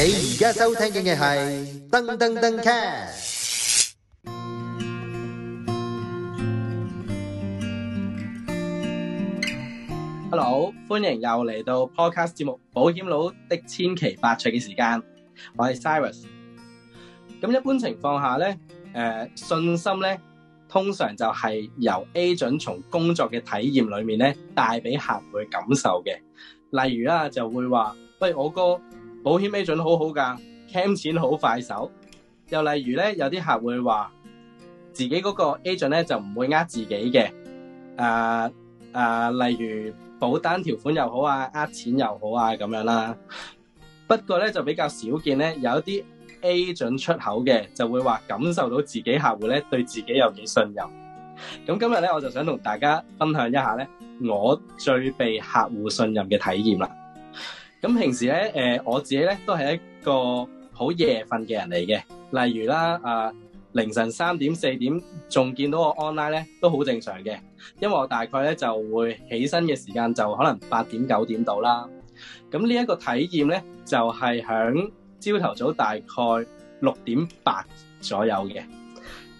你而家收聽嘅係噔噔噔 cast。Hello，歡迎又嚟到 Podcast 節目《保險佬的千奇百趣嘅時間》，我係 Cyrus。咁一般情況下咧，誒，信心咧，通常就係由 Agent 從工作嘅體驗裏面咧帶俾客戶嘅感受嘅。例如啦，就會話，喂，我哥。保險 agent 好好噶，claim 錢好快手。又例如咧，有啲客戶話自己嗰個 agent 咧就唔會呃自己嘅。誒、呃、誒、呃，例如保單條款又好啊，呃錢又好啊，咁樣啦。不過咧就比較少見咧，有一啲 agent 出口嘅就會話感受到自己客戶咧對自己有幾信任。咁今日咧我就想同大家分享一下咧，我最被客戶信任嘅體驗啦。咁平時咧，誒我自己咧都係一個好夜瞓嘅人嚟嘅。例如啦，啊凌晨三點四點仲見到我 online 咧，都好正常嘅。因為我大概咧就會起身嘅時間就可能八點九點到啦。咁呢一個體驗咧就係響朝頭早大概六點八左右嘅。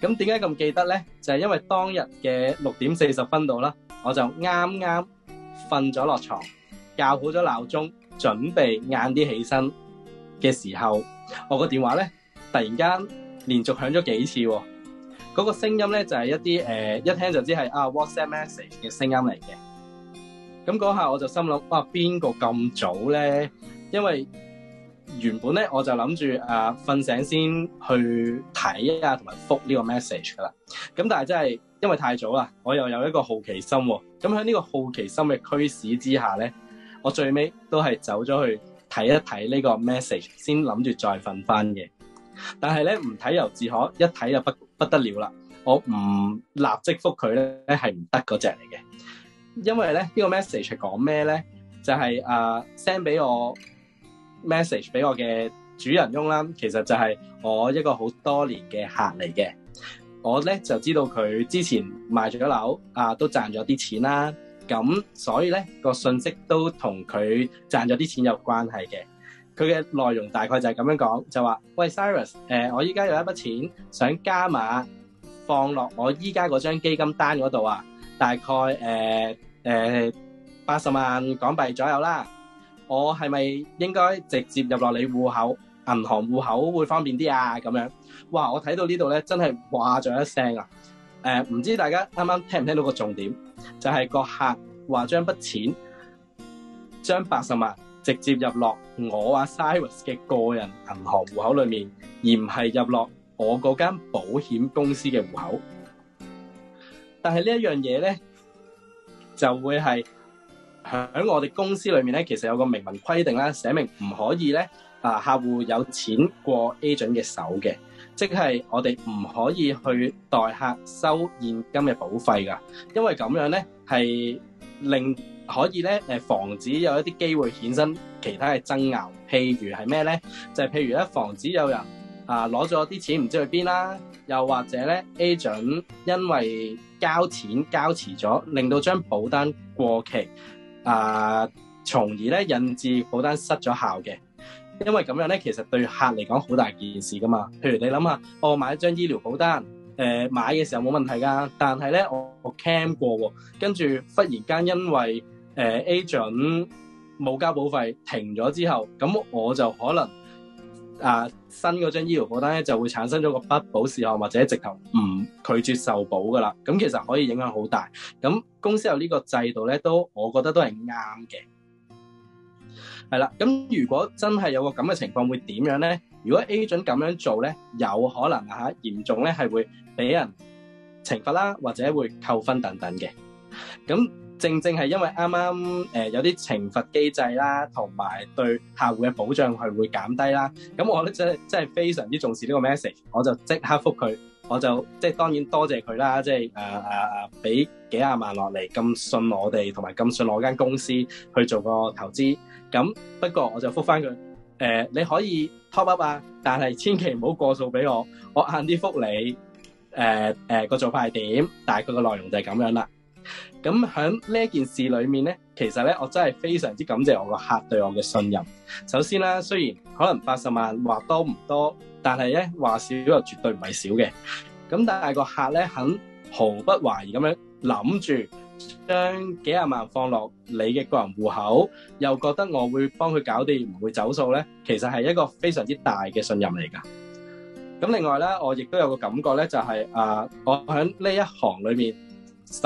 咁點解咁記得咧？就係因為當日嘅六點四十分度啦，我就啱啱瞓咗落牀，校好咗鬧鐘。準備晏啲起身嘅時候，我個電話咧突然間連續響咗幾次，哦，嗰，那個聲音咧就係、是、一啲誒、呃，一聽就知係啊 WhatsApp message 嘅聲音嚟嘅。咁嗰下我就心諗，哇邊個咁早咧？因為原本咧我就諗住、呃、啊瞓醒先去睇一啊同埋覆呢個 message 噶啦。咁但係真係因為太早啦，我又有一個好奇心、哦。咁喺呢個好奇心嘅驅使之下咧。我最尾都係走咗去睇一睇呢個 message，先諗住再瞓翻嘅。但係咧唔睇又自可，一睇就不不得了啦。我唔立即覆佢咧，咧係唔得嗰隻嚟嘅。因為咧呢個 message 係講咩咧，就係、是、啊 send 俾我 message 俾我嘅主人翁啦。其實就係我一個好多年嘅客嚟嘅。我咧就知道佢之前賣咗樓啊，都賺咗啲錢啦。咁所以咧、呢個信息都同佢賺咗啲錢有關係嘅。佢嘅內容大概就係咁樣講，就話：喂，Cyrus，呃，我依家有一筆錢想加碼放落我依家嗰張基金單嗰度啊，大概誒誒八十萬港幣左右啦。我係咪應該直接入落你戶口銀行戶口會方便啲啊？咁樣，哇！我睇到呢度咧，真係哇咗一聲啊！誒，唔知大家啱啱聽唔聽到個重點，就係個客話將筆錢將八十萬直接入落我阿 Syrus 嘅個人銀行戶口裏面，而唔係入落我嗰間保險公司嘅戶口。但係呢一樣嘢咧，就會係喺我哋公司裏面咧，其實有個明文規定啦，寫明唔可以咧啊，客戶有錢過 agent 嘅手嘅。即係我哋唔可以去代客收現金嘅保費㗎，因為咁樣呢係令可以呢誒防止有一啲機會衍生其他嘅爭拗，譬如係咩呢？就係、是、譬如咧防止有人啊攞咗啲錢唔知去邊啦，又或者呢 agent 因為交錢交遲咗，令到張保單過期啊，從而呢引致保單失咗效嘅。因為咁樣咧，其實對客嚟講好大件事噶嘛。譬如你諗下，我買一張醫療保單，誒、呃、買嘅時候冇問題噶，但係咧我我 cancel 過，跟住忽然間因為誒、呃、agent 冇交保費停咗之後，咁我就可能啊新嗰張醫療保單咧就會產生咗個不保事項，或者直頭唔拒絕受保噶啦。咁其實可以影響好大。咁公司有呢個制度咧，都我覺得都係啱嘅。係啦，咁如果真係有個咁嘅情況，會點樣咧？如果 agent 咁樣做咧，有可能嚇嚴重咧，係會俾人懲罰啦，或者會扣分等等嘅。咁正正係因為啱啱誒有啲懲罰機制啦，同埋對客戶嘅保障係會減低啦。咁我咧真真係非常之重視呢個 message，我就即刻覆佢。我就即係當然多謝佢啦，即係誒誒俾幾廿萬落嚟咁信我哋，同埋咁信我間公司去做個投資。咁不過我就覆翻佢誒，你可以 top up 啊，但係千祈唔好過數俾我，我晏啲覆你。誒誒個做法係點？但係佢個內容就係咁樣啦。咁喺呢一件事裏面咧，其實咧我真係非常之感謝我個客對我嘅信任。首先啦，雖然可能八十萬話多唔多，但係咧話少又絕對唔係少嘅。咁但係個客咧肯毫不懷疑咁樣諗住將幾廿萬放落你嘅個人戶口，又覺得我會幫佢搞掂，唔會走數咧，其實係一個非常之大嘅信任嚟噶。咁另外咧，我亦都有個感覺咧、就是，就係啊，我喺呢一行裏面十。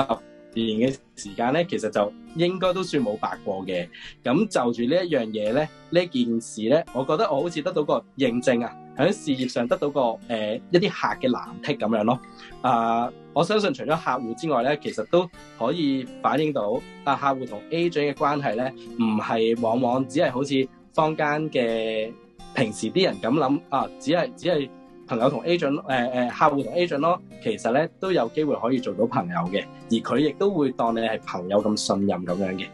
自然嘅時間咧，其實就應該都算冇白過嘅。咁就住呢一樣嘢咧，呢件事咧，我覺得我好似得到個認證啊，喺事業上得到個誒、呃、一啲客嘅藍剔咁樣咯。啊、呃，我相信除咗客戶之外咧，其實都可以反映到啊，客戶同 agent 嘅關係咧，唔係往往只係好似坊間嘅平時啲人咁諗啊，只係只係。朋友同 agent，誒誒，客戶同 agent 咯，其實咧都有機會可以做到朋友嘅，而佢亦都會當你係朋友咁信任咁樣嘅。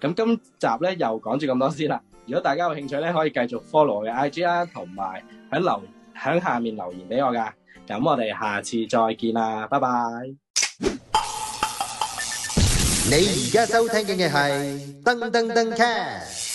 咁今集咧又講住咁多先啦。如果大家有興趣咧，可以繼續 follow 我嘅 IG 啦，同埋喺留喺下面留言俾我噶。咁我哋下次再見啦，拜拜。你而家收聽緊嘅係噔噔噔 cash。